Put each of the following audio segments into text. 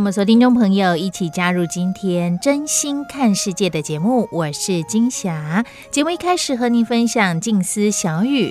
我們所聽眾朋友一起加入今天真心看世界的節目，我是金霞。節目一開始和您分享靜思小語：“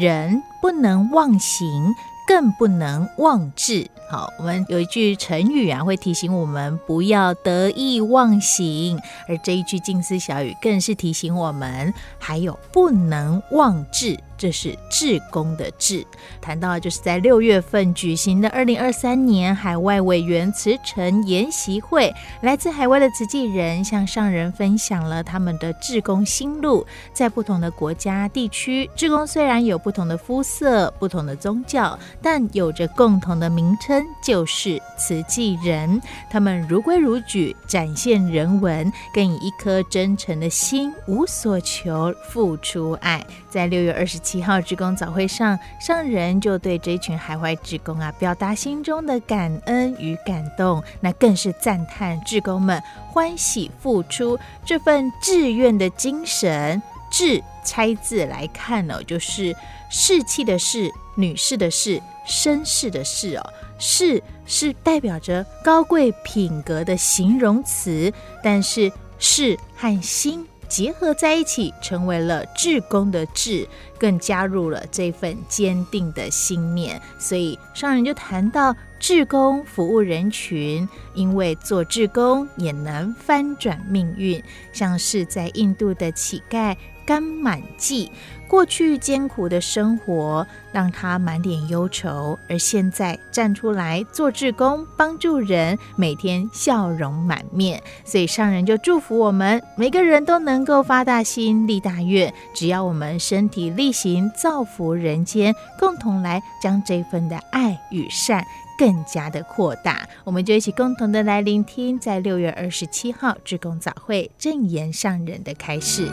人不能忘形，更不能忘志。”好，我們有一句成語啊，會提醒我們不要得意忘形，而這一句靜思小語更是提醒我們，還有不能忘志。這是志工的志。談到就是在六月份舉行的二零二三年海外委員慈誠研習會，來自海外的慈濟人向上人分享了他們的志工心路。在不同的國家地區，志工雖然有不同的膚色、不同的宗教，但有着共同的名稱，就是慈濟人。他們如規如矩，展現人文，更以一顆真誠的心，無所求，付出愛。在六月二十七。七號志工早會上，上人就對這群海外志工啊，表達心中的感恩與感動，那更是讚歎志工們歡喜付出這份志願的精神。志拆字來看哦，就是士氣的士、女士的士、紳士的士哦，士是代表着高貴品格的形容詞，但是士和心。結合在一起，成為了志工的志，更加入了這份堅定的信念。所以上人就談到，志工服務人群，因為做志工也能翻轉命運，像是在印度的乞丐甘滿季。過去艱苦的生活讓他滿臉憂愁，而現在站出來做志工，幫助人，每天笑容滿面，所以上人就祝福我們每個人都能夠發大心、立大願，只要我們身體力行，造福人間，共同來將這份的愛與善更加的擴大。我們就一起共同的來聆聽，在六月二十七號志工早會證嚴上人的開示。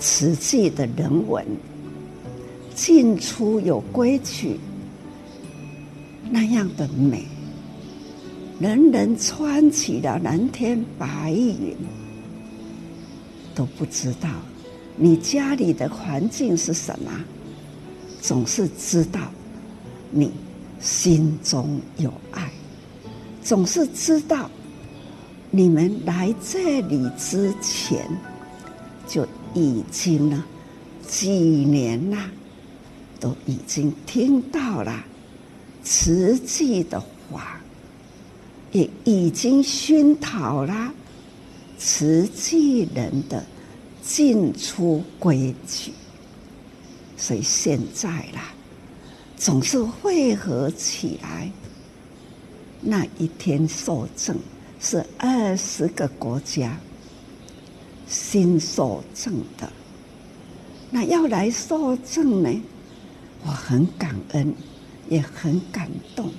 慈濟的人文進出有規矩，那樣的美，人人穿起了藍天白雲，都不知道你家裡的環境是什麼，總是知道你心中有愛，總是知道你們來這裡之前就，已經呢，幾年了，都已經聽到了慈濟的話，也已經熏陶了慈濟人的進出規矩，所以現在啦，總是匯合起來。那一天受證是二十個國家。新受證的，那要來受證呢？我很感恩，也很感動。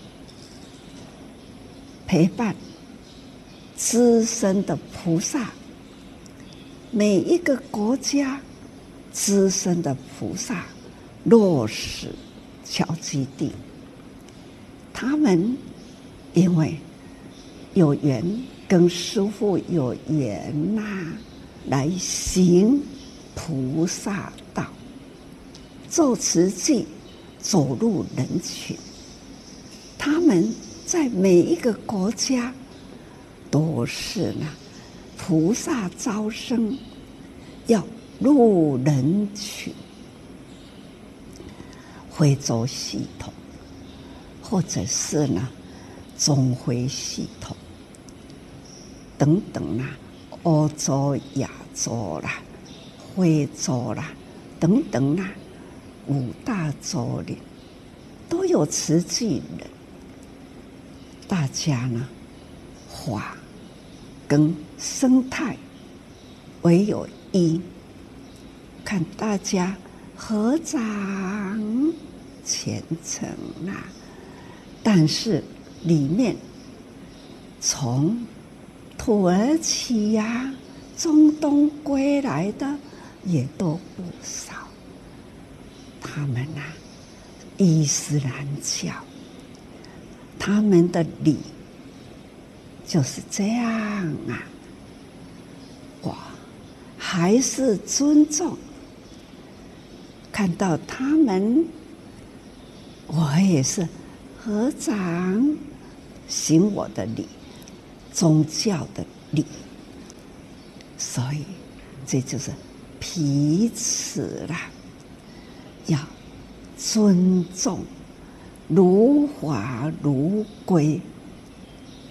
陪伴資深的菩薩，每一個國家資深的菩薩落實僑居地，他們因為有緣跟師父有緣吶、啊。來行菩薩道，做慈濟，走入人群。他們在每一個國家，都是呢，菩薩招生要入人群，回族系統，或者是呢，總回系統等等啊。歐洲、亞洲啦，非洲啦，等等啦、啊，五大洲的都有慈濟人。大家呢，法跟生態唯有一，看大家合掌虔誠啊，但是裡面從。土耳其呀、啊，中東歸來的也都不少。他們吶、啊，伊斯蘭教，他們的禮就是這樣啊。我還是尊重，看到他們，我也是合掌行我的禮。宗教的禮，所以這就是彼此啦，要尊重，如法如歸。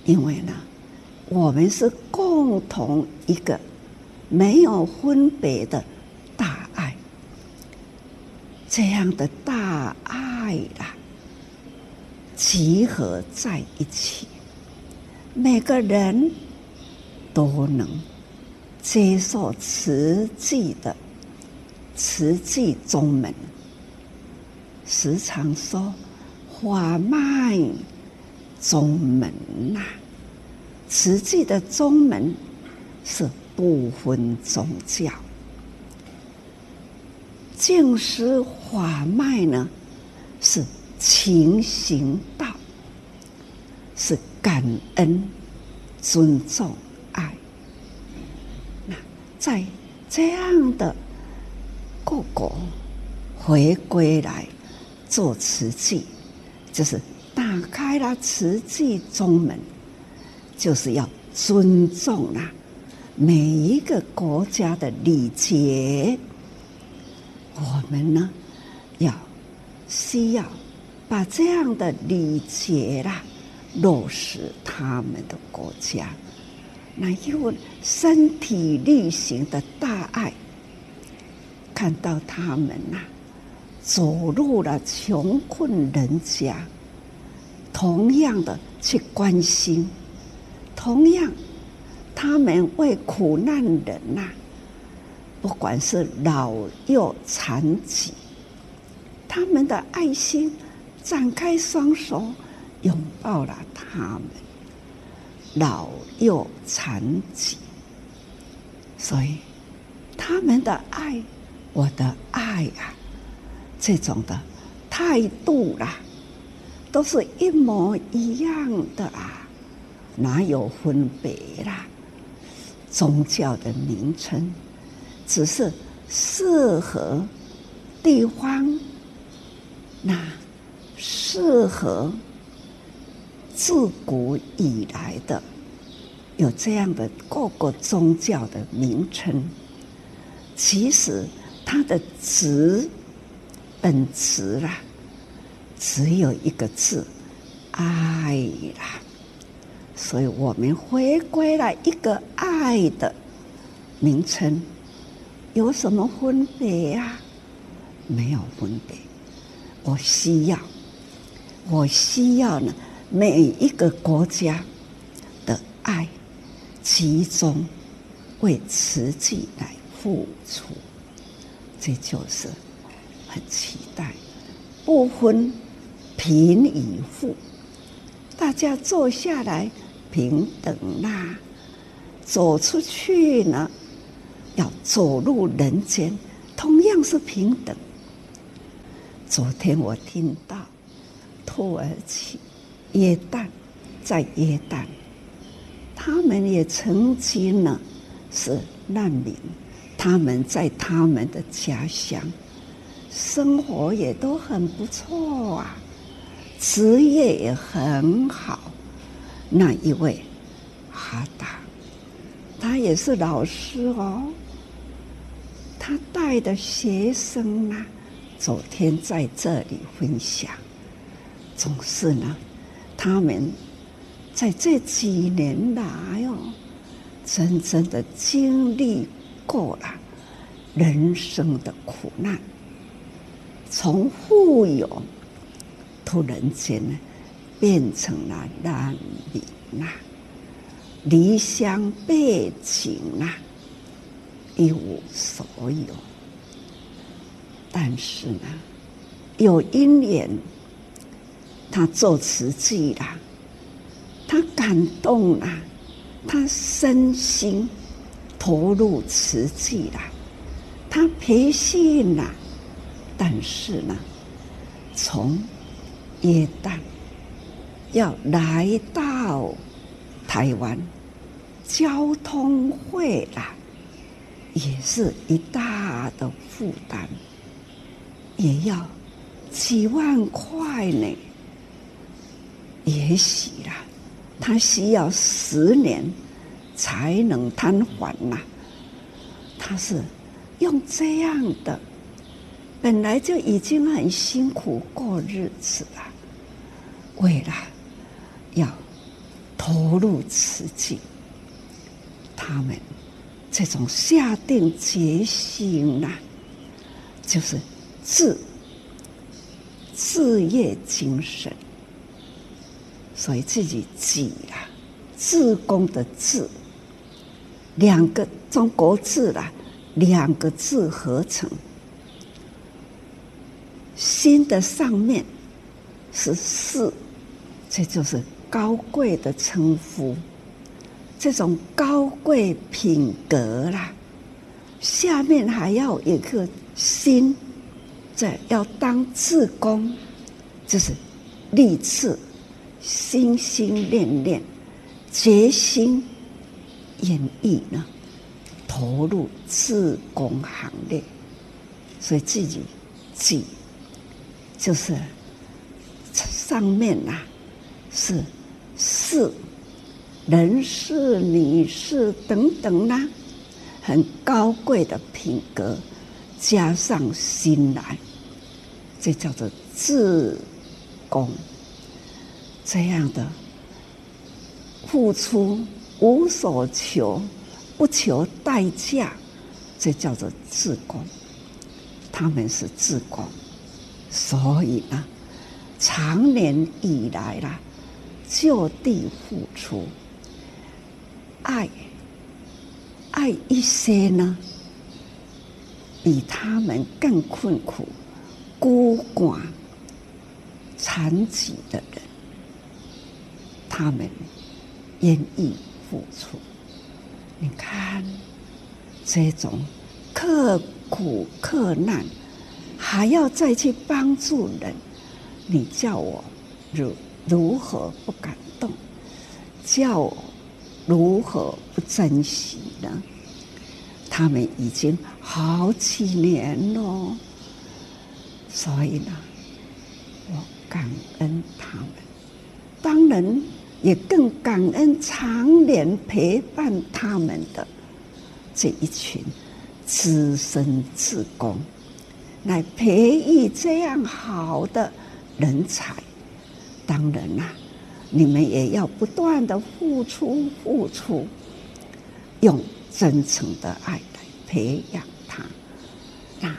因為呢，我們是共同一個沒有分別的大愛，這樣的大愛啊，集合在一起。每個人都能接受慈濟的慈濟宗門。時常說法脈宗門吶、啊，慈濟的宗門是不分宗教。靜思法脈呢，是勤行道，是。感恩、尊重、愛。那在這樣的各國回歸來做慈濟，就是打開了慈濟宗門，就是要尊重啊每一個國家的禮節。我們呢，要需要把這樣的禮節啦。落實他們的國家，那又身體力行的大愛，看到他們吶、啊，走入了窮困人家，同樣的去關心，同樣他們為苦難人吶、啊，不管是老幼殘疾，他們的愛心展開雙手。擁抱了他們，老幼殘疾，所以他們的愛，我的愛啊，這種的態度啦、啊，都是一模一樣的啊，哪有分別啦、啊？宗教的名稱，只是適合地方，那適合。自古以來的有這樣的各個宗教的名稱，其實它的質，本質啊只有一個字“愛”啦，所以我們回歸了一個“愛”的名稱，有什麼分別呀、啊？沒有分別。我需要，我需要呢。每一個國家的愛集中為慈濟來付出，這就是很期待。不分貧與富，大家坐下來平等啦、啊。走出去呢，要走入人間，同樣是平等。昨天我聽到土耳其。約旦，在約旦，他們也曾經呢是難民，他們在他們的家鄉生活也都很不錯啊，職業也很好。那一位哈達，他也是老師哦，他帶的學生呢，昨天在這裡分享，總是呢。他們在這幾年來喲、哦，真正的經歷過了人生的苦難，從富有突然間變成了難民吶、啊，離鄉背井吶，一無所有。但是呢，有一年。他做慈濟啦，他感動啦、啊，他身心投入慈濟啦，他培訓啦、啊，但是呢，從約旦要來到台灣，交通費啦、啊，也是一大的負擔，也要幾萬塊呢。也許啦，他需要十年才能攤還吶。他是用這樣的，本來就已經很辛苦過日子了，為了要投入慈濟，他們這種下定決心吶，就是志，志業精神。所以自己“擠啊，“志工的“志”，兩個中國字啦，兩個字合成“心”的上面是“士”，這就是高貴的稱呼，這種高貴品格啦。下面還要有一個“心”，這要當志工，就是立志。心心念念，決心願意呢，投入志工行列，所以這字志就是上面吶、啊、是士，人士，女士，等等吶、啊，很高貴的品格，加上心來，這叫做志工。這樣的付出無所求，不求代價，這叫做志工。他們是志工，所以呢，長年以來啦，就地付出，愛愛一些呢，比他們更困苦、孤寡、殘疾的人。他們願意付出，你看這種刻苦克難，還要再去幫助人，你叫我如如何不感動？叫我如何不珍惜呢？他們已經好幾年了，所以呢，我感恩他們。當人。也更感恩常年陪伴他們的這一群資深志工，來培育這樣好的人才。當然啊，你們也要不斷地付出，付出，用真誠的愛來培養他，那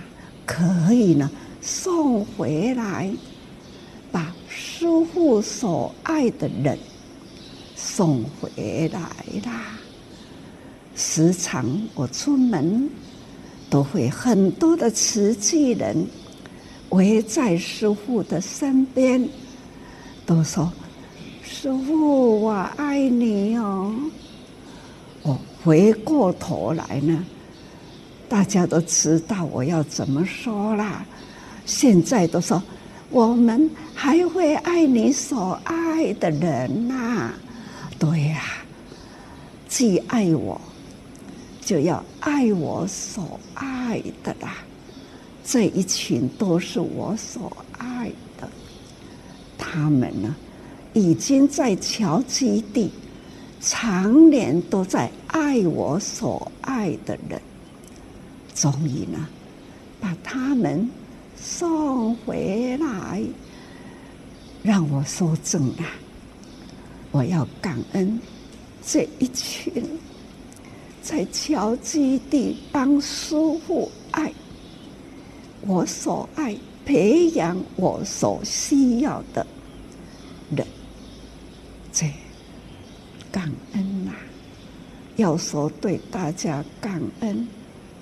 可以呢？送回來，把師父所愛的人。送回來啦！時常我出門，都會很多的慈濟人圍在師父的身邊，都說：“師父，我愛你哦！”我回過頭來呢，大家都知道我要怎麼說啦。現在都說我們還會愛你所愛的人吶、啊。對呀、啊，既愛我，就要愛我所愛的啦。這一群都是我所愛的，他們呢，已經在僑居地，常年都在愛我所愛的人。終於呢，把他們送回來，讓我受證啊。我要感恩這一群在僑居地幫師父愛我所愛、培養我所需要的人，這感恩吶、啊！要說對大家感恩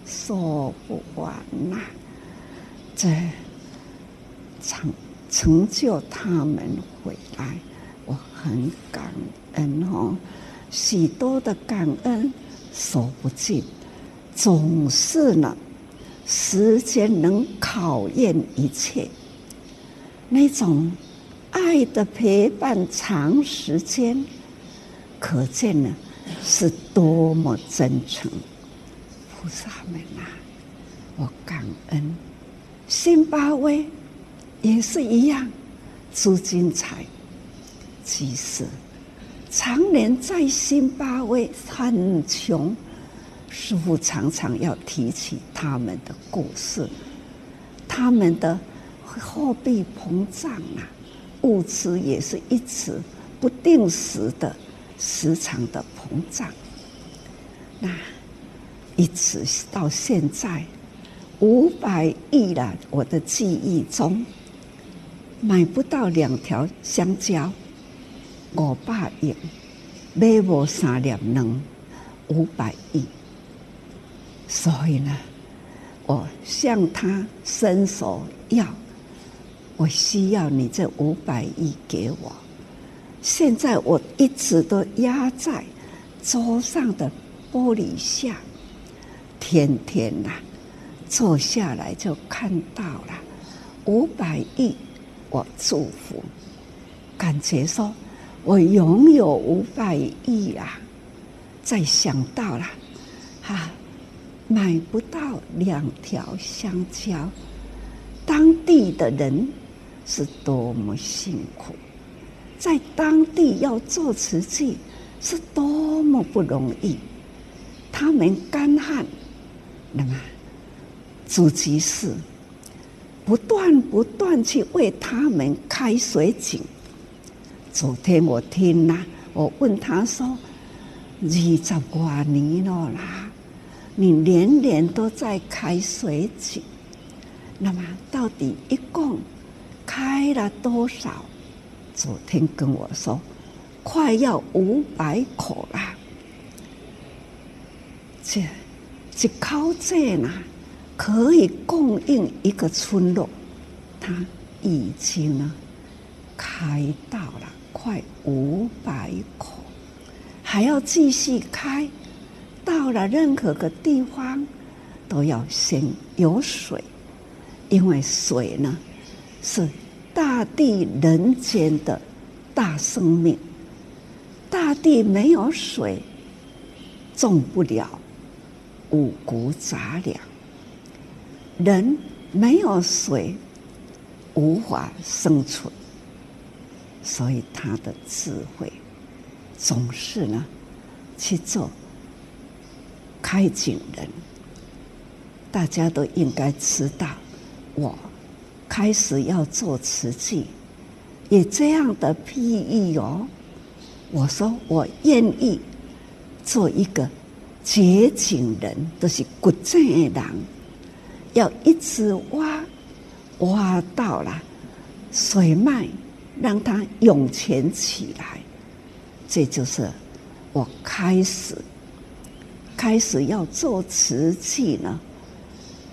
說不完吶，這成成就他們回來。很感恩哈、哦，許多的感恩說不盡，總是呢，時間能考驗一切。那種愛的陪伴，長時間可見呢，是多麼真誠。菩薩們啊，我感恩。辛巴威也是一樣，之精彩。其實，常年在辛巴威很窮，師父常常要提起他們的故事。他們的貨幣膨脹啊，物資也是一直不定時的、時常的膨脹。那一直到現在，五百億了、啊，我的記憶中買不到兩條香蕉。五百億買我三兩能五百億，所以呢，我向他伸手要，我需要你這五百億給我。現在我一直都壓在桌上的玻璃下，天天吶、啊，坐下來就看到了五百億。我祝福，感覺說。我擁有五百億啊，再想到了，哈、啊，買不到兩條香蕉，當地的人是多麼辛苦，在當地要做慈濟是多麼不容易，他們乾旱，那麼主題是不斷不斷去為他們開水井。昨天我聽了我問他說：“二十多年了啦，你年年都在開水井，那麼到底一共開了多少？”昨天跟我說，快要五百口了。這，一口井吶，可以供應一個村落。他已經呢，開到了。快五百口，還要繼續開。到了任何個地方，都要先有水，因為水呢是大地人間的大生命。大地沒有水，種不了五穀雜糧。人沒有水，無法生存。所以他的智慧總是呢去做開井人，大家都應該知道。我開始要做慈濟，也這樣的譬喻哦，我說我願意做一個掘井人，都、就是掘井的人，要一直挖，挖到了水脈，讓他湧泉起來，這就是我開始開始要做慈濟呢，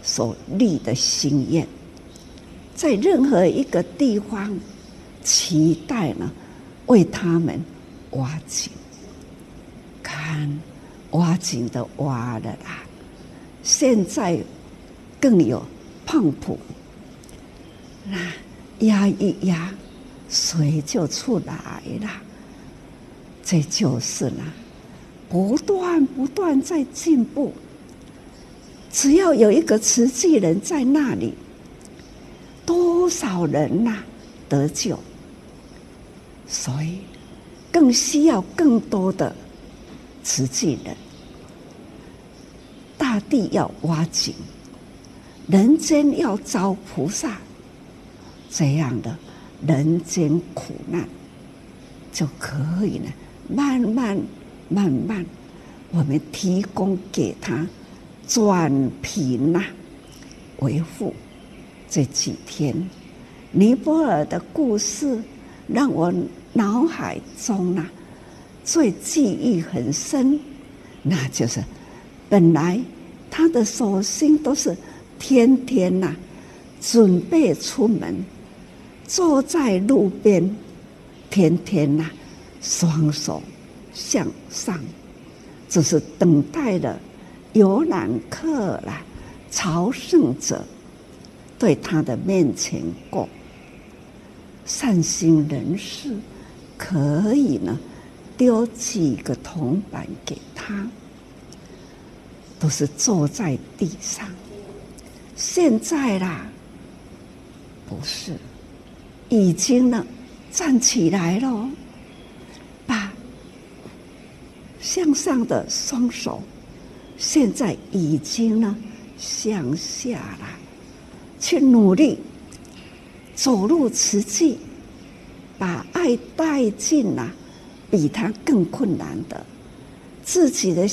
所立的心願。在任何一個地方，期待呢為他們挖井，看挖井的挖的啦。現在更有幫浦，那壓一壓。所以就出來了，這就是呢，不斷不斷在進步。只要有一個慈濟人在那裡，多少人吶、啊、得救。所以，更需要更多的慈濟人。大地要挖井，人間要招菩薩，這樣的。人間苦難，就可以了，慢慢慢慢，我們提供給他轉貧吶、啊，維護這幾天，尼泊爾的故事讓我腦海中吶、啊、最記憶很深，那就是本來他的手心都是天天吶、啊、準備出門。坐在路邊，天天吶、啊，雙手向上，只是等待的遊覽客啦、朝聖者對他的面前過。善心人士可以呢，丟幾個銅板給他，都是坐在地上。現在啦，不、哦、是。已經呢，站起來了，把向上的雙手，現在已經呢向下了，去努力走入慈濟，把愛帶進了、啊、比他更困難的自己的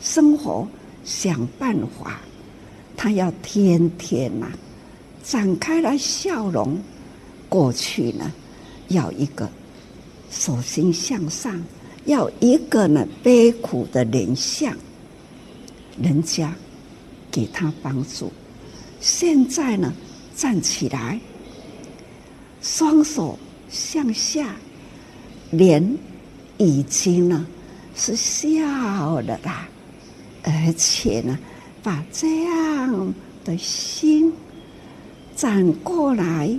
生活，想辦法，他要天天吶、啊、展開來笑容。過去呢，要一個手心向上，要一個呢悲苦的人相，人家給他幫助。現在呢，站起來，雙手向下，臉已經呢是笑了啦，而且呢，把這樣的心轉過來。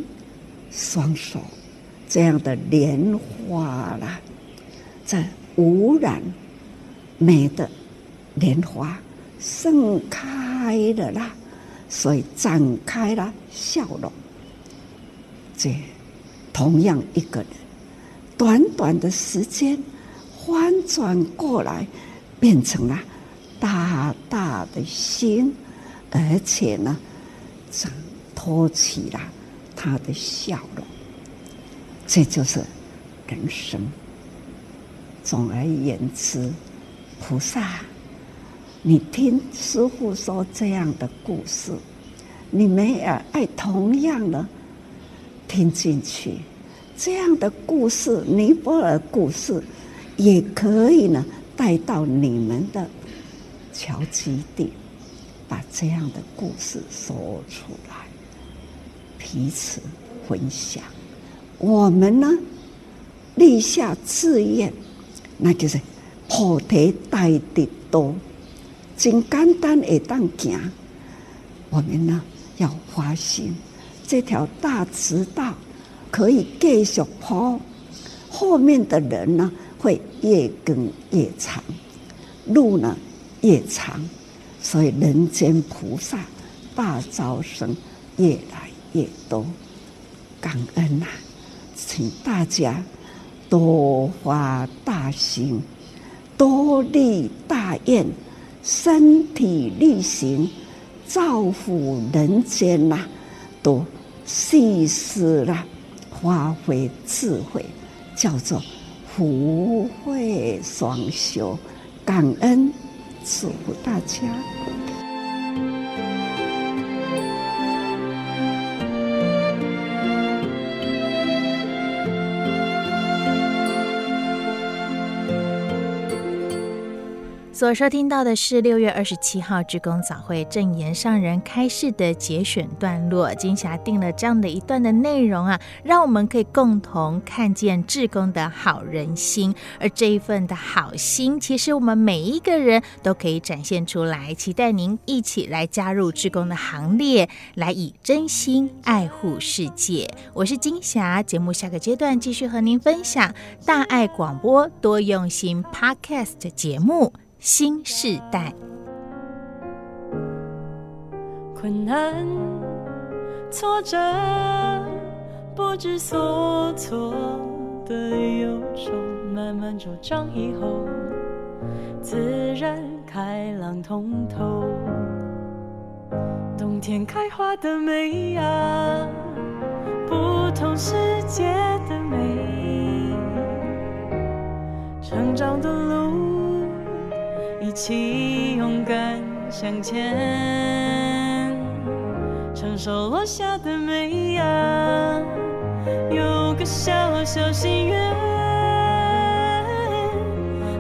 雙手，這樣的蓮花啦，在無染美的蓮花盛開的啦，所以展開了笑容。這同樣一個人，短短的時間翻轉，轉過來，變成了大大的心，而且呢，長托起了。他的笑容，這就是人生。總而言之，菩薩，你聽師父說這樣的故事，你們也愛同樣的聽進去。這樣的故事，尼泊爾故事，也可以呢帶到你們的僑居地，把這樣的故事說出來。彼此分享，我們呢立下志願，那就是破得帶的多，真肝單一當行。我們呢要發現這條大直道可以繼續破，後面的人呢會越跟越長，路呢越長，所以人間菩薩大招生越來。也都感恩吶、啊，請大家多發大心，多立大願，身體力行，造福人間吶、啊！多細思啦、啊，發揮智慧，叫做福慧雙修。感恩祝福大家。所收聽到的是六月二十七號志工早會證嚴上人開示的節選段落。金霞定了這樣的一段的內容啊，讓我們可以共同看見志工的好人心。而這一份的好心，其實我們每一個人都可以展現出來。期待您一起來加入志工的行列，來以真心愛護世界。我是金霞，節目下個階段繼續和您分享大愛廣播多用心 Podcast 節目。新時代。困難、挫折、不知所措的憂愁，慢慢茁壯以後，自然開朗通透。冬天開花的美啊，不同世界的美，成長的路。一起勇敢向前，承受落下的美呀、啊。有個小小心願，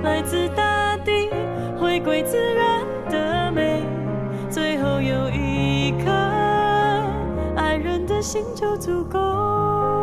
來自大地回歸自然的美，最後有一顆愛人的心就足夠。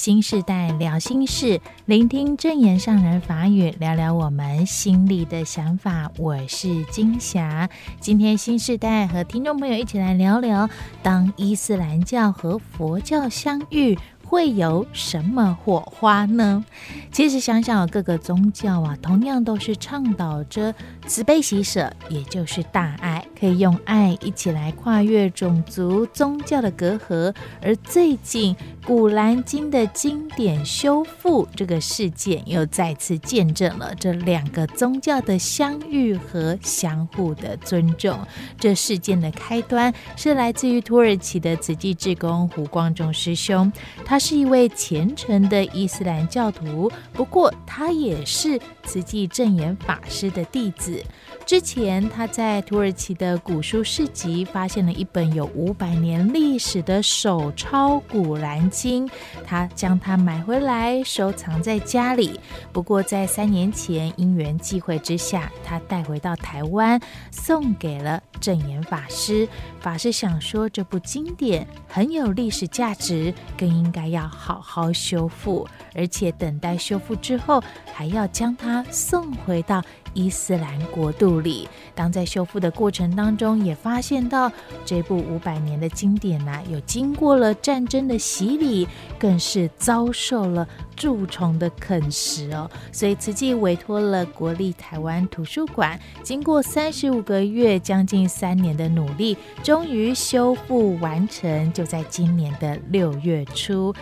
新世代聊心事，聆聽證嚴上人法語，聊聊我們心裡的想法。我是金霞，今天新世代和聽眾朋友一起來聊聊，當伊斯蘭教和佛教相遇。會有什麼火花呢？其實想想，各個宗教啊，同樣都是倡導着慈悲喜捨，也就是大愛，可以用愛一起來跨越種族、宗教的隔閡。而最近《古蘭經》的經典修復這個事件，又再次見證了這兩個宗教的相遇和相互的尊重。這事件的開端是來自於土耳其的慈濟志工胡光中師兄，他，是一位虔誠的伊斯蘭教徒，不過他也是慈濟證嚴法師的弟子。之前他在土耳其的古書市集發現了一本有五百年歷史的手抄古蘭經，他將它買回來收藏在家裡。不過在三年前因緣際會之下，他帶回到台灣，送給了證嚴法師。法師想說這部經典很有歷史價值，更應該要好好修復，而且等待修復之後，還要將它送回到。伊斯蘭國度裡，當在修復的過程當中，也發現到這部五百年的經典呢、啊，有經過了戰爭的洗禮，更是遭受了蛀蟲的啃食哦。所以，慈濟委托了國立台灣圖書館，經過三十五個月、將近三年的努力，終於修復完成。就在今年的六月初，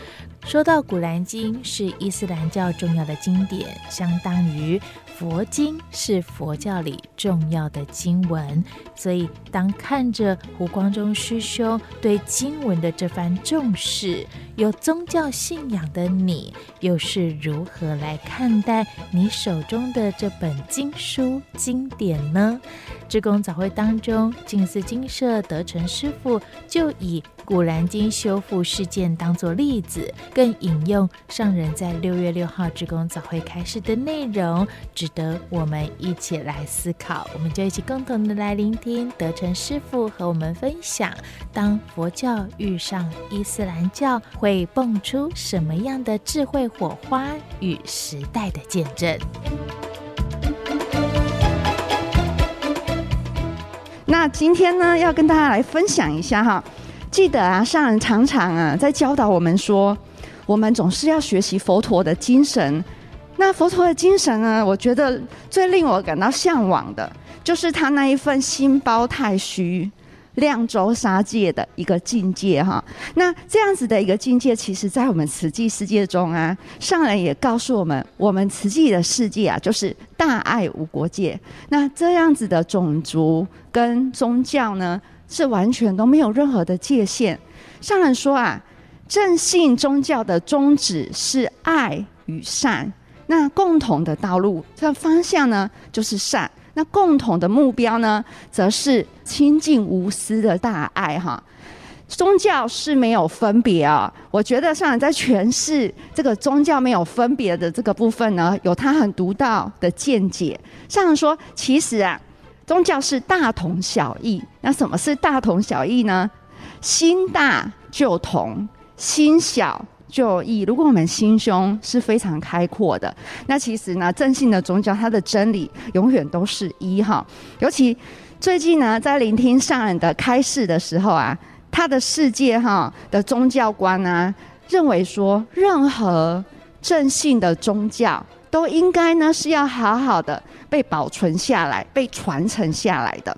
說到《古蘭經》是伊斯蘭教重要的經典，相當於。佛經是佛教裡重要的經文，所以當看着胡光中師兄對經文的這番重視，有宗教信仰的你又是如何來看待你手中的這本經書經典呢？志工早會當中，靜思精舍德澄師父就以《古蘭經》修復事件當作例子，更引用上人在六月六號志工早會開始的內容，值得我們一起來思考。我們就一起共同的來聆聽德澄師父和我們分享，當佛教遇上伊斯蘭教，會蹦出什麼樣的智慧火花與時代的見證。那今天呢，要跟大家來分享一下哈。記得啊，上人常常啊在教導我們說，我們總是要學習佛陀的精神。那佛陀的精神呢，我覺得最令我感到嚮往的就是他那一份心包太虛。亮州殺界的一個境界哈，那這樣子的一個境界，其實在我們慈濟世界中啊，上人也告訴我們，我們慈濟的世界啊，就是大愛無國界。那這樣子的種族跟宗教呢，是完全都沒有任何的界限。上人說啊，正信宗教的宗旨是愛與善，那共同的道路，這方向呢，就是善。那共同的目標呢，則是清淨無私的大愛哈。宗教是沒有分別啊、哦。我覺得上人在詮釋這個宗教沒有分別的這個部分呢，有他很獨到的見解。上人說，其實啊，宗教是大同小異。那什麼是大同小異呢？心大就同，心小。就以如果我們心胸是非常開闊的，那其實呢，正信的宗教，它的真理永遠都是一哈。尤其最近呢，在聆聽上人的開示的時候啊，他的世界哈的宗教觀呢，啊，認為說任何正信的宗教都應該呢是要好好的被保存下來、被傳承下來的。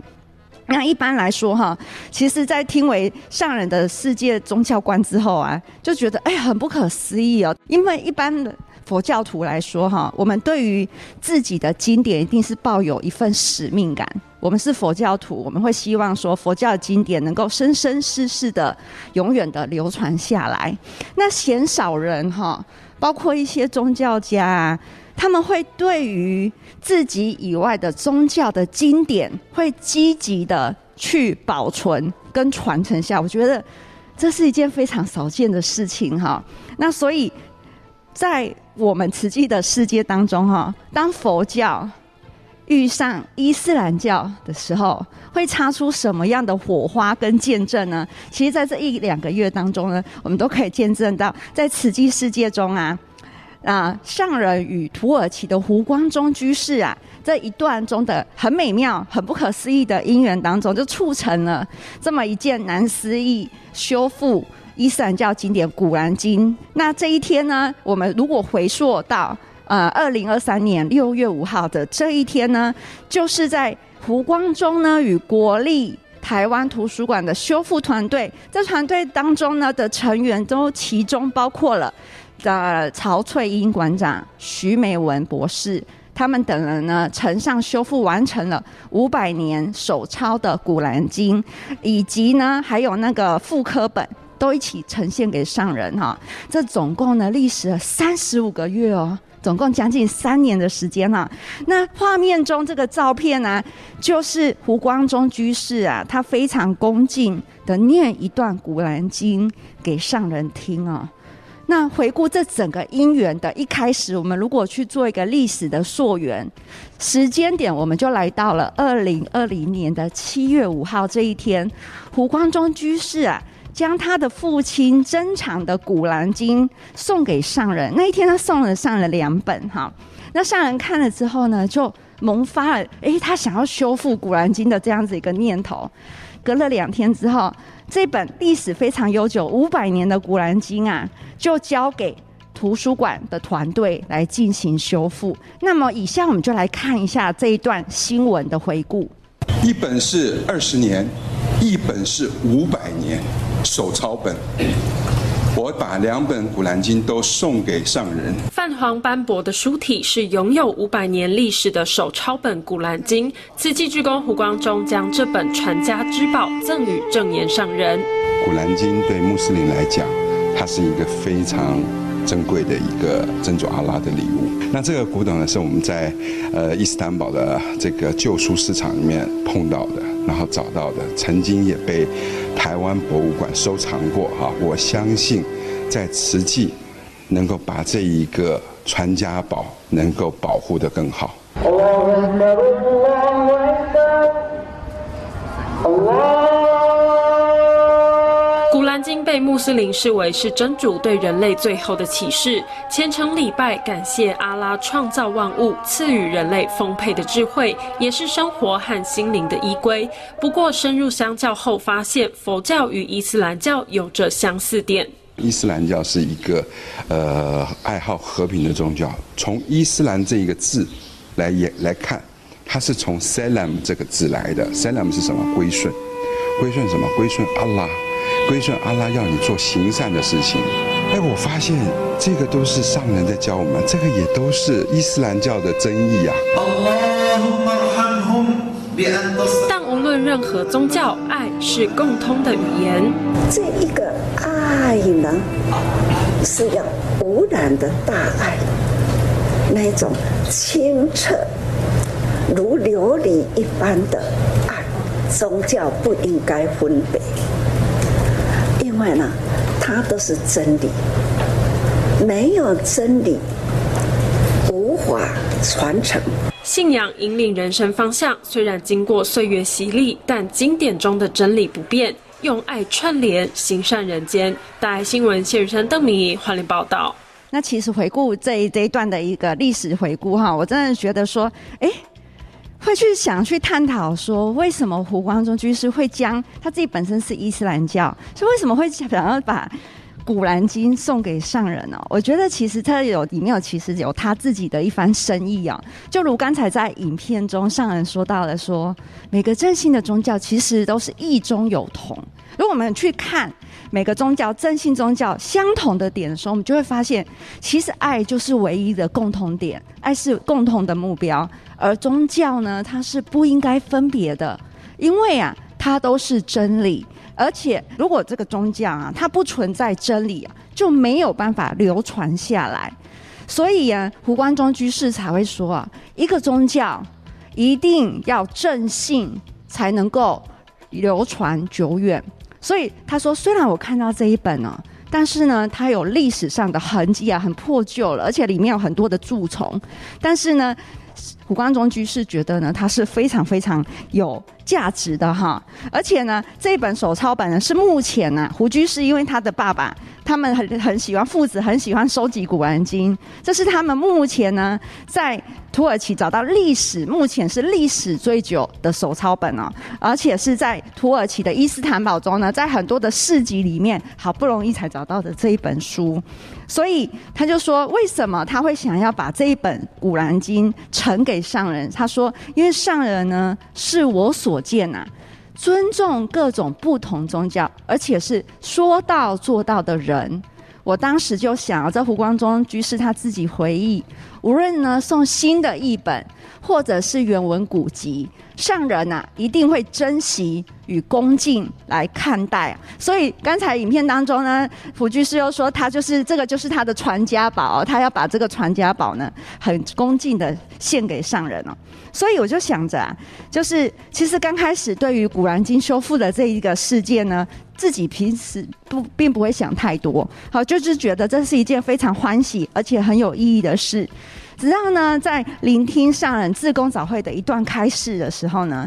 那一般來說哈，其實，在聽為上人的世界宗教觀之後啊，就覺得、欸、很不可思議哦。因為一般的佛教徒來說哈，我們對於自己的經典一定是抱有一份使命感。我們是佛教徒，我們會希望說佛教經典能夠生生世世的、永遠的流傳下來。那嫌少人哈，包括一些宗教家。他們會對於自己以外的宗教的經典，會積極的去保存跟傳承下。我覺得這是一件非常少見的事情哈。那所以，在我們慈濟的世界當中哈，當佛教遇上伊斯蘭教的時候，會擦出什麼樣的火花跟見證呢？其實，在這一兩個月當中呢，我們都可以見證到，在慈濟世界中啊。啊，上人與土耳其的胡光中居士啊，這一段中的很美妙、很不可思議的因緣當中，就促成了這麼一件難思議修復伊斯蘭教經典《古蘭經》。那這一天呢，我們如果回溯到呃二零二三年六月五號的這一天呢，就是在胡光中呢與國立台灣圖書館的修復團隊，這團隊當中呢的成員都其中包括了。的曹翠英館長、徐美文博士他們等人呢，呈上修復完成了五百年手抄的《古蘭經》，以及呢還有那個復刻本，都一起呈現給上人哈、哦。這總共呢，歷時了三十五個月哦，總共將近三年的時間了。那畫面中這個照片呢、啊，就是胡光中居士啊，他非常恭敬的念一段《古蘭經》給上人聽啊、哦。那回顧這整個因緣的一開始，我們如果去做一個歷史的溯源，時間點我們就來到了二零二零年的七月五號這一天，胡光中居士啊，將他的父親珍藏的《古蘭經》送給上人。那一天他送了上了兩本哈，那上人看了之後呢，就萌發了哎、欸，他想要修復《古蘭經》的這樣子一個念頭。隔了兩天之後，這本歷史非常悠久、五百年的《古蘭經》啊，就交給圖書館的團隊來進行修復。那麼，以下我們就來看一下這一段新聞的回顧。一本是二十年，一本是五百年，手抄本。 我把兩本《古蘭經》都送給上人。泛黃斑駁的書體是擁有五百年歷史的手抄本《古蘭經》。慈濟居功胡光中將這本傳家之寶贈予證嚴上人。《古蘭經》對穆斯林來講，它是一個非常珍貴的一個真主阿拉的禮物。那這個古董呢，是我們在呃伊斯坦堡的這個舊書市場裡面碰到的，然後找到的，曾經也被。台灣博物館收藏過哈、啊，我相信在慈濟能夠把這一個傳家寶能夠保護得更好。經被穆斯林視為是真主對人類最後的啟示，虔誠禮拜感謝阿拉創造萬物，賜予人類豐沛的智慧，也是生活和心靈的依歸。不過深入相較後，發現佛教與伊斯蘭教有着相似點。伊斯蘭教是一個呃愛好和平的宗教。從伊斯蘭這一個字來也來看，它是從 Selam 這個字來的。Selam 是什麼？歸順，歸順什麼？歸順阿拉。歸順阿拉要你做行善的事情，哎，我發現這個都是上人在教我們，這個也都是伊斯蘭教的真義呀、啊。但無論任何宗教，愛是共通的語言。這一個愛呢，是要無染的大愛，那一種清澈如琉璃一般的愛，宗教不應該分別。外呢，它都是真理，沒有真理無法傳承。信仰引領人生方向，雖然經過歲月洗禮，但經典中的真理不變。用愛串聯，行善人間。大愛新聞謝宇琛、鄧明儀歡迎報道。那其實回顧這一這一段的一個歷史回顧哈，我真的覺得說，誒會去想去探討說，為什麼胡光中居士會將他自己本身是伊斯蘭教，所以為什麼會想要把《古蘭經》送給上人呢、哦。我覺得其實他有裡面有其實有他自己的一番深意啊、哦。就如剛才在影片中上人說到的，說每個正信的宗教其實都是異中有同。如果我們去看，每個宗教、正信宗教相同的點的時候，我們就會發現，其實愛就是唯一的共同點，愛是共同的目標，而宗教呢，它是不應該分別的，因為啊，它都是真理，而且如果這個宗教啊，它不存在真理啊，就沒有辦法流傳下來，所以啊，胡光中居士才會說啊，一個宗教一定要正信，才能夠流傳久遠。所以他說，雖然我看到這一本呢、啊，但是呢，它有歷史上的痕跡啊，很破舊了，而且裡面有很多的蛀蟲。但是呢，胡光中居士覺得呢，它是非常非常有價值的哈，而且呢，這一本手抄本呢是目前呢、啊，胡居士因為他的爸爸他們很很喜歡，父子很喜歡收集古蘭經，這是他們目前呢在土耳其找到歷史目前是歷史最久的手抄本哦，而且是在土耳其的伊斯坦堡中呢，在很多的市集裡面好不容易才找到的這一本書，所以他就說為什麼他會想要把這一本古蘭經呈給上人？他說因為上人呢是我所。見尊重各種不同宗教，而且是說到做到的人。我當時就想，在胡光中居士他自己回憶，無論呢送新的譯本，或者是原文古籍，上人吶、啊、一定會珍惜與恭敬來看待。所以剛才影片當中呢，胡居士又說，他就是這個就是他的傳家寶，他要把這個傳家寶呢，很恭敬地獻給上人了。所以我就想着、啊，就是其實剛開始對於《古蘭經》修復的這一個事件呢。自己平時不並不會想太多，好，就是覺得這是一件非常歡喜而且很有意義的事。只要呢，在聆聽上人志工早會的一段開示的時候呢，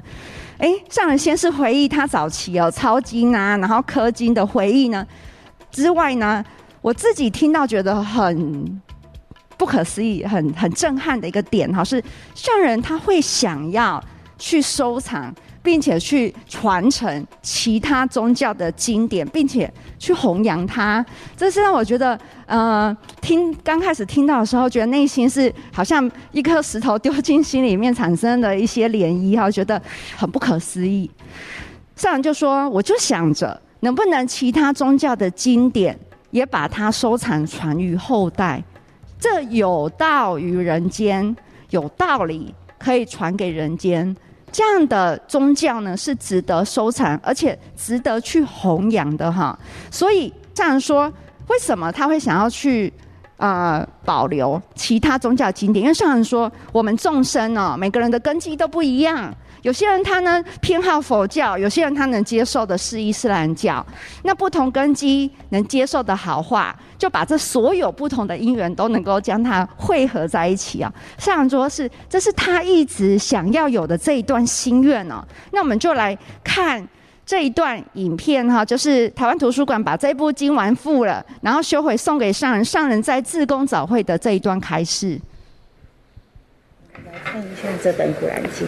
欸、上人先是回憶他早期哦抄經啊，然後刻經的回憶呢，之外呢，我自己聽到覺得很不可思議、很很震撼的一個點哈，是上人他會想要去收藏。並且去傳承其他宗教的經典，並且去弘揚它。這是讓我覺得，呃，聽剛開始聽到的時候，覺得內心是好像一顆石頭丟進心裡面，產生的一些漣漪，哈，覺得很不可思議。上人就說：“我就想着，能不能其他宗教的經典也把它收藏傳於後代？這有道於人間，有道理可以傳給人間。”這樣的宗教呢，是值得收藏，而且值得去弘揚的哈。所以上人說，為什麼他會想要去啊、呃、保留其他宗教的經典？因為上人說，我們眾生哦，每個人的根基都不一樣。有些人他呢偏好佛教，有些人他能接受的是伊斯蘭教，那不同根基能接受的好話，就把這所有不同的因緣都能夠將它匯合在一起啊、哦。上人說是，這是他一直想要有的這一段心願哦。那我們就來看這一段影片哈、哦，就是台灣圖書館把這部經完付了，然後修回送給上人，上人在志工早會的這一段開示。來看一下這本《古蘭經》。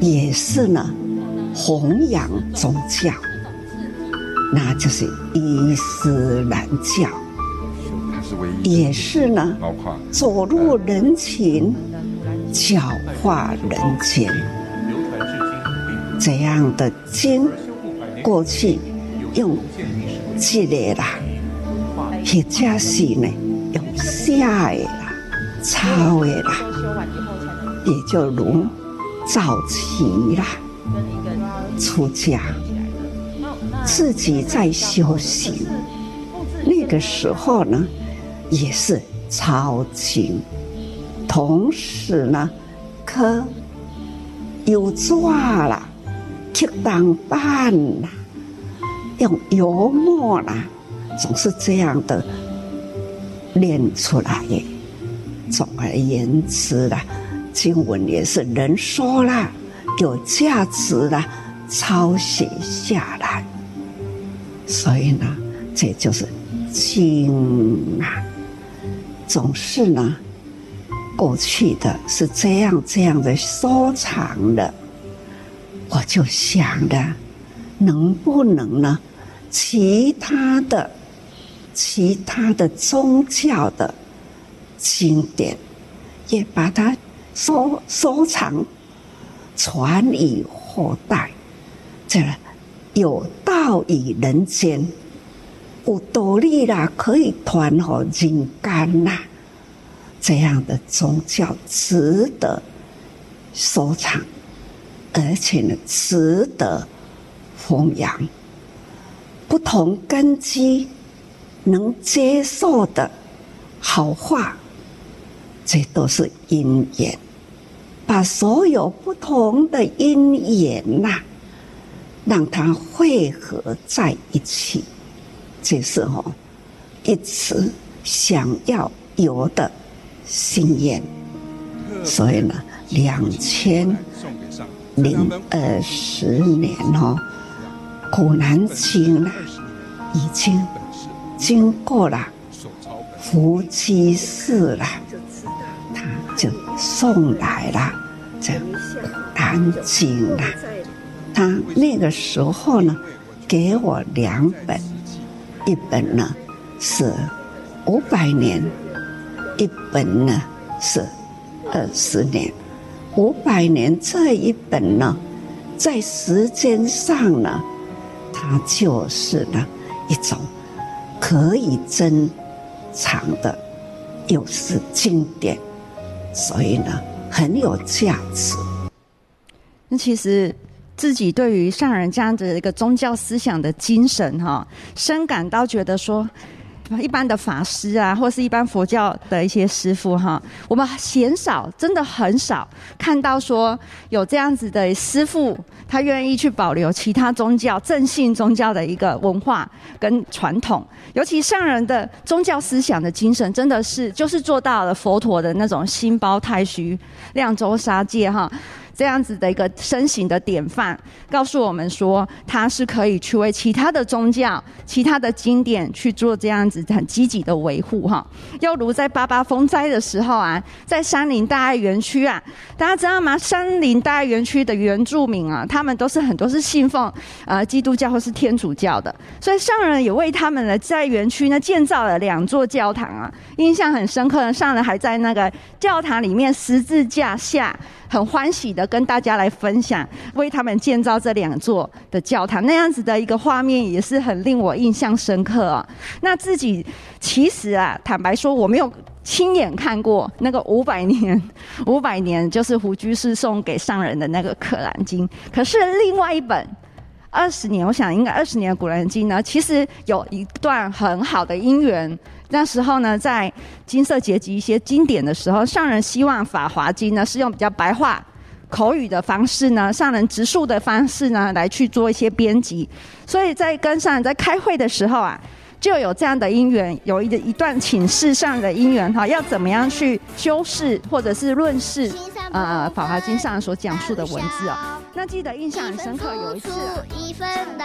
也是呢，弘揚宗教，那就是伊斯蘭教。也是呢，走入人群，嗯、教化人群。這樣的經，過去、嗯、用刻的啦，也加、哎、是呢、嗯、用寫的啦、抄的啦，也就如。早期啦，出家，自己在修行。那個時候呢，也是抄經，同時呢，刻，有抓啦，去當伴啦，用油墨啦，總是這樣的練出來。總而言之啦。經文也是人說了有價值的抄寫下來。所以呢，這就是經啊。總是呢，過去的是這樣這樣的收藏的，我就想着能不能呢，其他的、其他的宗教的經典，也把它。收收藏，傳以後代，這有道以人間，有道理啦，可以團夥金干吶。這樣的宗教值得收藏，而且呢值得弘揚。不同根基能接受的好話。這都是因緣，把所有不同的因緣吶，讓它匯合在一起，這是候、哦，一直想要有的心願，所以呢，兩千零二十年哦，古蘭經，啊、已經經過了夫妻式了。就送來了，就安靜了。他那個時候呢，給我兩本，一本呢是五百年，一本呢是二十年。五百年這一本呢，在時間上呢，它就是呢一種可以珍藏的，又是經典。所以呢，很有價值。那其實自己對於上人這樣的一個宗教思想的精神，哈，深感到覺得說。一般的法師啊，或是一般佛教的一些師父哈，我們鮮少，真的很少看到說有這樣子的師父，他願意去保留其他宗教、正信宗教的一個文化跟傳統。尤其上人的宗教思想的精神，真的是就是做到了佛陀的那種心包太虛、量周沙界哈。這樣子的一個身形的典範，告訴我們說，他是可以去為其他的宗教、其他的經典去做這樣子很積極的維護哈。又如在八八風災的時候啊，在山林大愛園區啊，大家知道嗎？山林大愛園區的原住民啊，他們都是很多是信奉呃基督教，或是天主教的，所以上人也為他們呢，在園區呢建造了兩座教堂啊。印象很深刻的上人還在那個教堂裡面十字架下，很歡喜的。跟大家來分享，為他們建造這兩座的教堂，那樣子的一個畫面也是很令我印象深刻哦。那自己其實啊，坦白說，我沒有親眼看過那個五百年，五百年就是胡居士送給上人的那個《可蘭經》，可是另外一本二十年，我想應該二十年的《古蘭經》呢，其實有一段很好的因緣。那時候呢，在金色結集一些經典的時候，上人希望法呢《法華經》呢是用比較白話。口語的方式呢，上人植樹的方式呢，來去做一些編輯。所以在跟上人在開會的時候啊，就有這樣的因緣，有一個一段請示上的因緣哈，要怎麼樣去修飾或者是潤飾呃《法華經》上所講述的文字啊、喔。那記得印象很深刻，有一次、啊。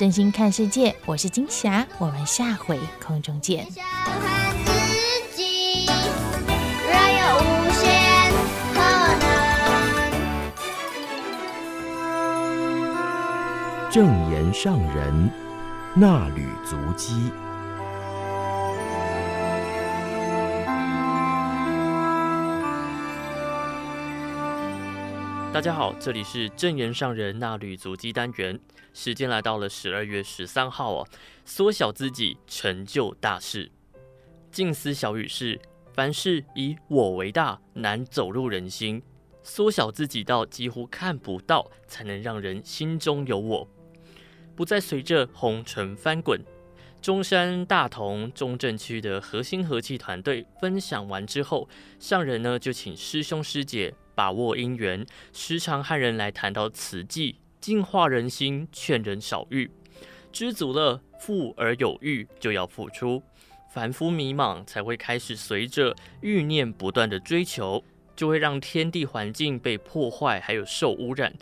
真心看世界，我是金霞，我們下回空中見。證嚴上人，衲履足跡。大家好，這裡是證嚴上人衲履足跡單元。時間來到了十二月十三號哦。縮小自己，成就大事。靜思小語是：凡事以我為大，難走入人心。縮小自己到幾乎看不到，才能讓人心中有我，不再隨着紅塵翻滾。中山大同中正區的合心和氣團隊分享完之後，上人呢就請師兄師姐。把握因緣，時常和人來談到慈濟，淨化人心，勸人少欲，知足了，富而有欲，就要付出。凡夫迷茫，才會開始隨着欲念不斷的追求，就會讓天地環境被破壞，還有受污染。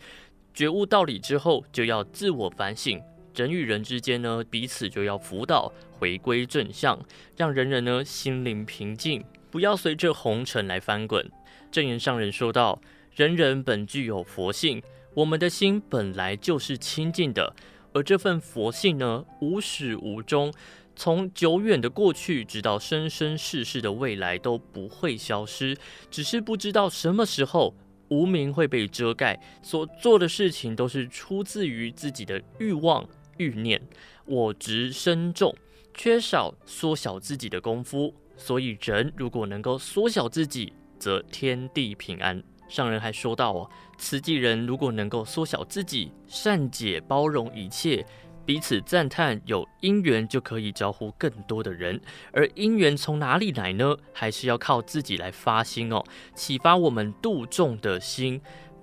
覺悟道理之後，就要自我反省。人與人之間呢，彼此就要輔導，回歸正向，讓人人呢心靈平靜，不要隨着紅塵來翻滾。證嚴上人說道：“人人本具有佛性，我們的心本來就是清淨的，而這份佛性呢，無始無終，從久遠的過去直到生生世世的未來都不會消失，只是不知道什麼時候無明會被遮蓋，所做的事情都是出自於自己的欲望、欲念，我執深重，缺少縮小自己的功夫，所以人如果能夠縮小自己。”則天地平安。上人還說到哦，慈濟人如果能夠縮小自己，善解包容一切，彼此讚歎，有因緣就可以招呼更多的人。而因緣從哪裡來呢？還是要靠自己來發心哦，啟發我們度眾的心。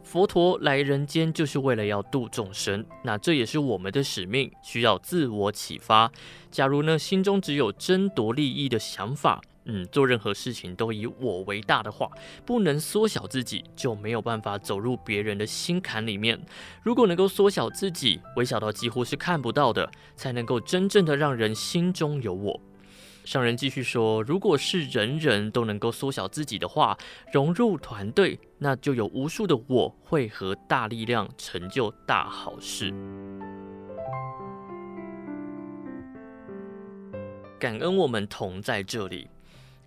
佛陀來人間就是為了要度眾生，那這也是我們的使命，需要自我啟發。假如呢，心中只有爭奪利益的想法，嗯，做任何事情都以我為大的話，不能縮小自己，就沒有辦法走入別人的心坎裡面。如果能夠縮小自己，微小到幾乎是看不到的，才能夠真正的讓人心中有我。上人繼續說：“如果是人人都能夠縮小自己的話，融入團隊，那就有無數的我會和大力量成就大好事。感恩我們同在這裡。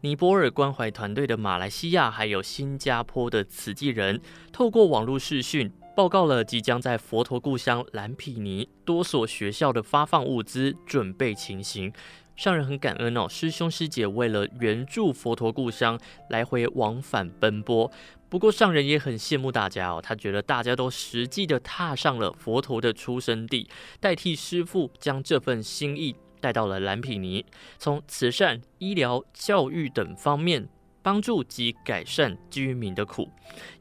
尼泊爾關懷團隊的馬來西亞還有新加坡的慈濟人，透過網絡視訊報告了即將在佛陀故鄉蘭匹尼多所學校的發放物資準備情形。”上人很感恩哦，師兄師姐為了援助佛陀故鄉，來回往返奔波。不過上人也很羨慕大家哦，他覺得大家都實際地踏上了佛陀的出生地，代替師父將這份心意帶到了藍毘尼，從慈善、醫療、教育等方面，幫助及改善居民的苦，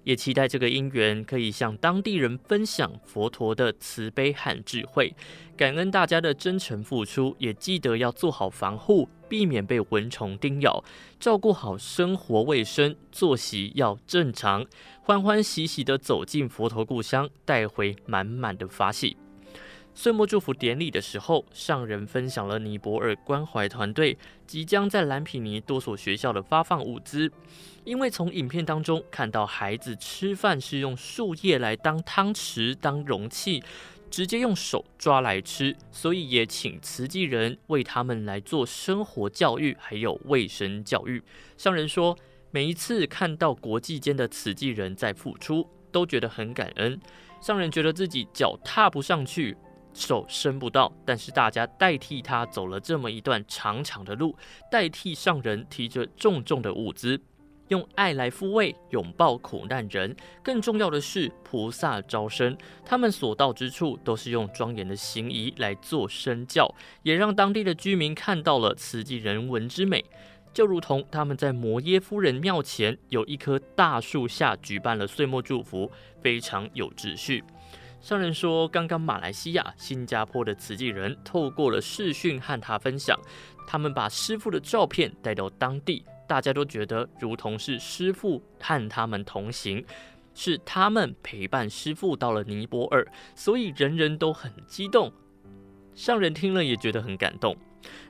也期待這個因緣可以向當地人分享佛陀的慈悲和智慧。感恩大家的真誠付出，也記得要做好防護，避免被蚊蟲叮咬，照顧好生活衛生，作息要正常，歡歡喜喜地走進佛陀故鄉，帶回滿滿的法喜。歲末祝福典禮的時候，上人分享了尼泊爾關懷團隊即將在藍毗尼多所學校的發放物資。因為從影片當中看到孩子吃飯是用樹葉來當湯匙、當容器，直接用手抓來吃，所以也請慈濟人為他們來做生活教育還有衛生教育。上人說，每一次看到國際間的慈濟人在付出，都覺得很感恩。上人覺得自己腳踏不上去。手伸不到，但是大家代替他走了這麼一段長長的路，代替上人提着重重的物資，用愛來撫慰，擁抱苦難人。更重要的是，菩薩招生，他們所到之處都是用莊嚴的行儀來做身教，也讓當地的居民看到了慈濟人文之美。就如同他們在摩耶夫人廟前有一棵大樹下舉辦了歲末祝福，非常有秩序。上人說，剛剛馬來西亞、新加坡的慈濟人透過了視訊和他分享，他們把師父的照片帶到當地，大家都覺得如同是師父和他們同行，是他們陪伴師父到了尼泊爾，所以人人都很激動。上人聽了也覺得很感動，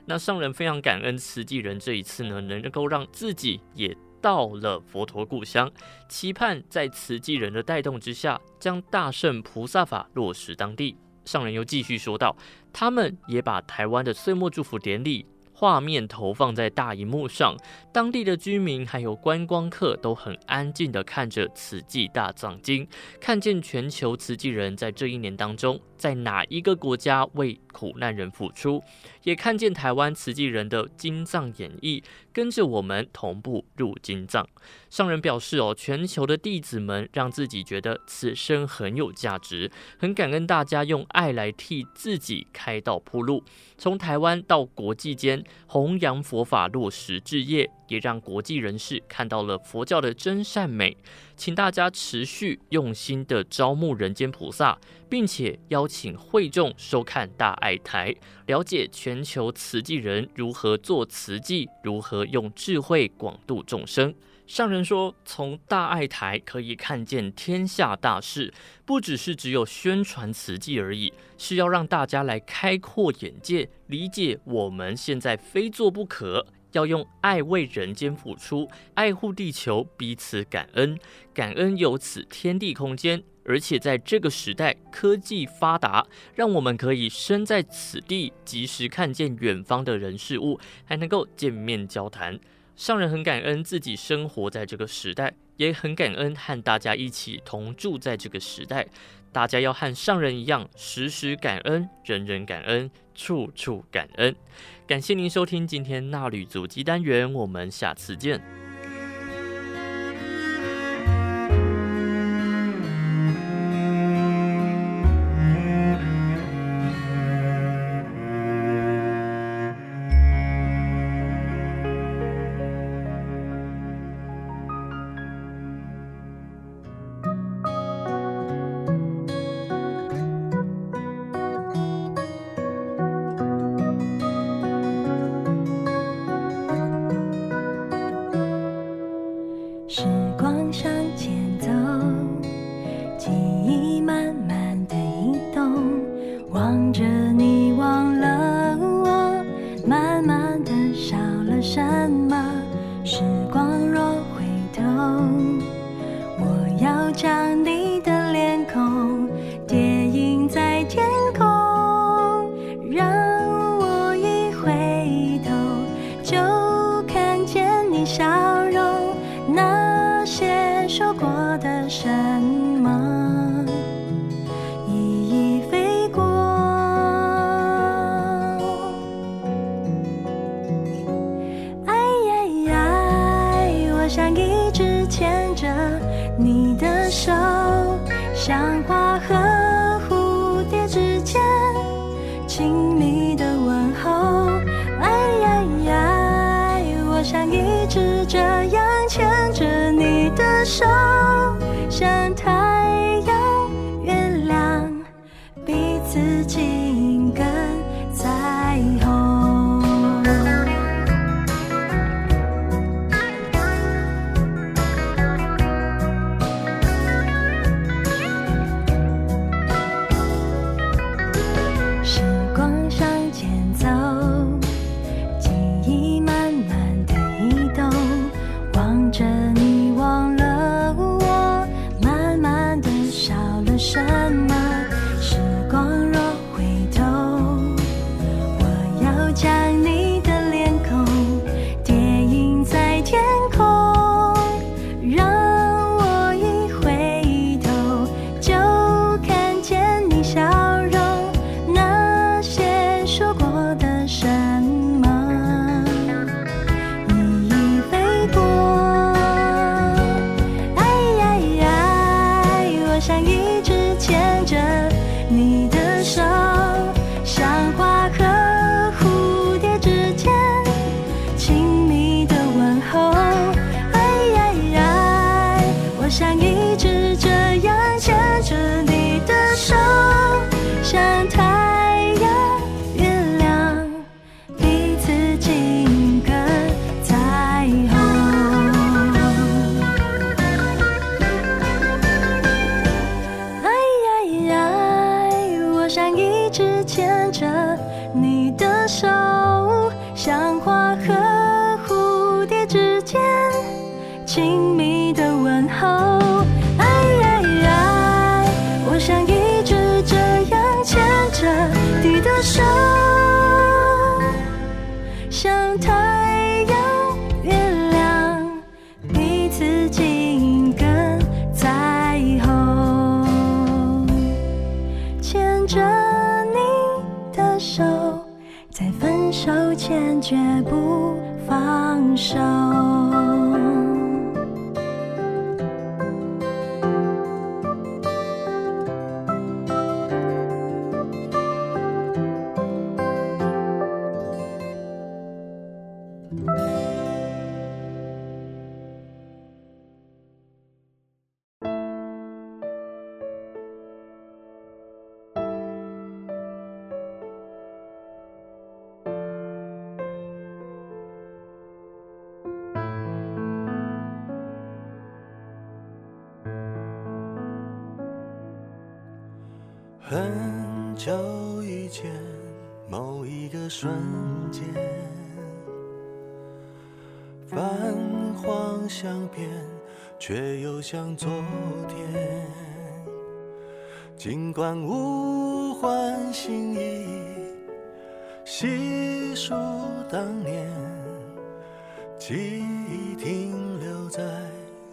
那上人非常感恩慈濟人這一次呢，能夠讓自己也，到了佛陀故鄉，期盼在慈濟人的帶動之下，將大乘菩薩法落實當地。上人又繼續說道：“他們也把台灣的歲末祝福典禮，”畫面投放在大熒幕上，當地的居民還有觀光客都很安靜地看着慈濟大藏經，看見全球慈濟人在這一年當中在哪一個國家為苦難人付出，也看見台灣慈濟人的經藏演繹，跟着我們同步入經藏。上人表示：“哦，全球的弟子們讓自己覺得此生很有價值，很感恩大家用愛來替自己開道鋪路。從台灣到國際間弘揚佛法、落實志業，也讓國際人士看到了佛教的真善美。請大家持續用心的招募人間菩薩，並且邀請會眾收看大愛台，了解全球慈濟人如何做慈濟，如何用智慧廣度眾生。”上人說：“從大愛台可以看見天下大事，不只是只有宣傳慈濟而已，是要讓大家來開闊眼界，理解我們現在非做不可，要用愛為人間付出，愛護地球，彼此感恩，感恩有此天地空間。而且在這個時代，科技發達，讓我們可以身在此地，及時看見遠方的人事物，還能夠見面交談。”上人很感恩自己生活在這個時代，也很感恩和大家一起同住在這個時代。大家要和上人一樣，時時感恩，人人感恩，處處感恩。感謝您收聽今天衲履足跡單元，我們下次見。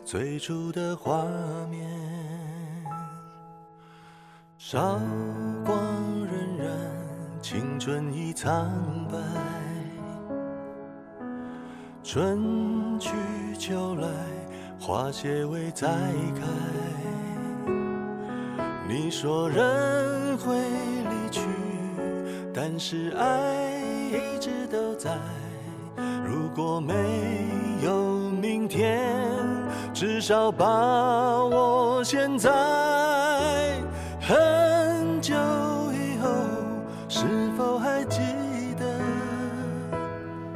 最初的畫面，韶光荏苒，青春已蒼白。春去秋來，花謝未再開。你說人會離去，但是愛一直都在。如果沒有明天，至少把握現在，很久以後是否還記得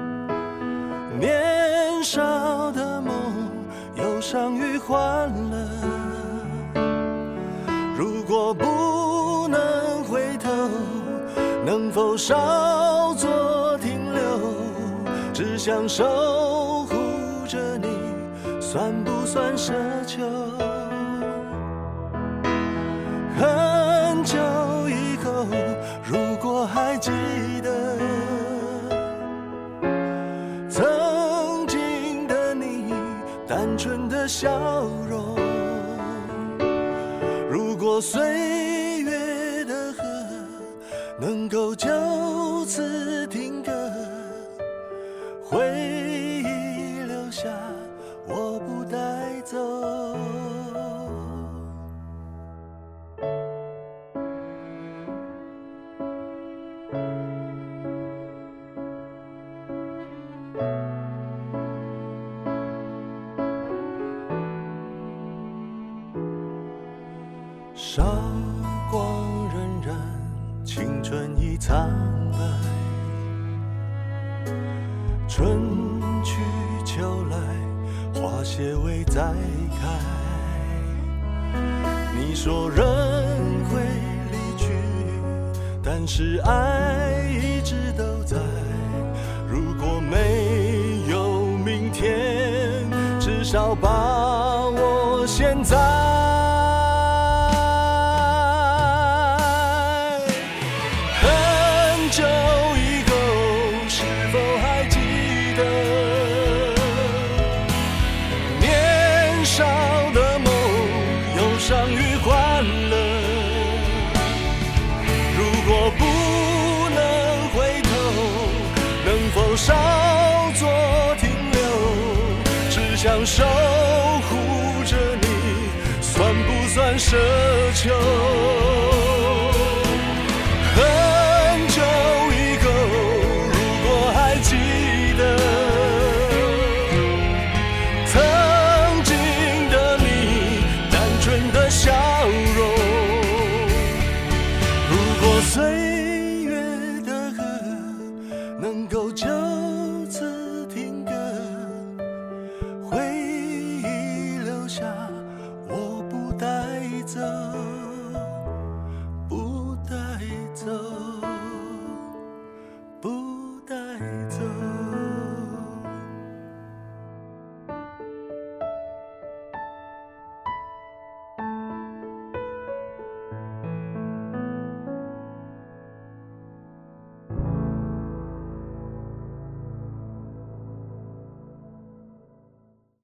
年少的夢，憂傷與歡樂？如果不能回頭，能否稍作停留，只享受？算不算奢求？很久以後，如果還記得曾經的你單純的笑容，如果歲月的河能夠將我。青春已蒼白，春去秋來，花謝未再開。你說人會離去，但是愛一直都在。如果沒有明天，至少把。